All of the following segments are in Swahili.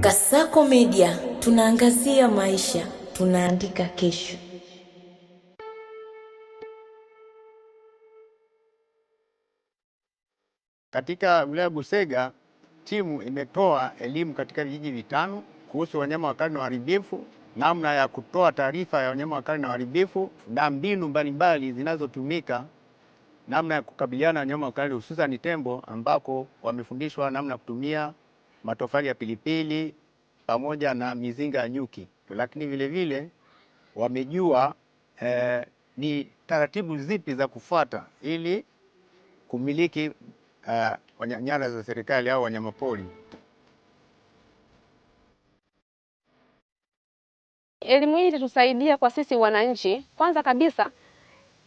Kasako Media tunaangazia maisha, tunaandika kesho. Katika wilaya ya Busega timu imetoa elimu katika vijiji vitano kuhusu wanyama wakali na waharibifu, namna ya kutoa taarifa ya wanyama wakali na waharibifu na mbinu mbalimbali zinazotumika namna ya kukabiliana na wanyama wakali hususani tembo, ambako wamefundishwa namna ya kutumia matofali ya pilipili pamoja na mizinga ya nyuki, lakini vilevile wamejua eh, ni taratibu zipi za kufuata ili kumiliki eh, nyara za serikali au wanyamapori. Elimu hii itatusaidia kwa sisi wananchi. Kwanza kabisa,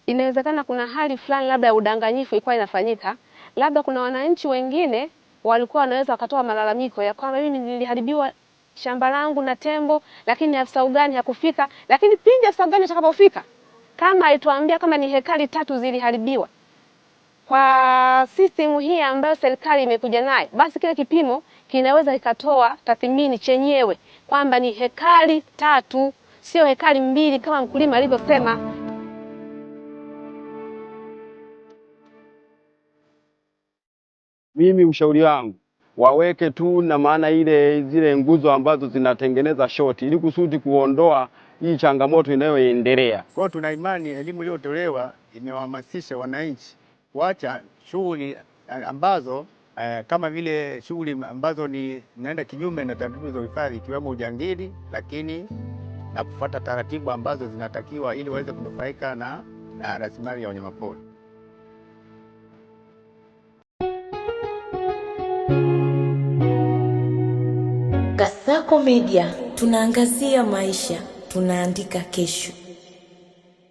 inawezekana kuna hali fulani labda ya udanganyifu ilikuwa inafanyika, labda kuna wananchi wengine walikuwa wanaweza wakatoa malalamiko ya kwamba mimi niliharibiwa shamba langu na tembo, lakini afisa ugani hakufika. Lakini pindi afisa ugani atakapofika, kama alituambia kama ni hekari tatu ziliharibiwa kwa system hii ambayo serikali imekuja nayo, basi kile kipimo kinaweza ikatoa tathmini chenyewe kwamba ni hekari tatu, sio hekari mbili kama mkulima alivyosema. mimi ushauri wangu waweke tu na maana ile zile nguzo ambazo zinatengeneza shoti ili kusudi kuondoa hii changamoto inayoendelea. Kwa tuna imani elimu iliyotolewa imewahamasisha wananchi kuacha shughuli eh, ambazo eh, kama vile shughuli ambazo ni inaenda kinyume na taratibu za uhifadhi ikiwemo ujangili, lakini na kufuata taratibu ambazo zinatakiwa ili waweze kunufaika na, na rasilimali ya wanyamapori. na Media tunaangazia maisha, tunaandika kesho.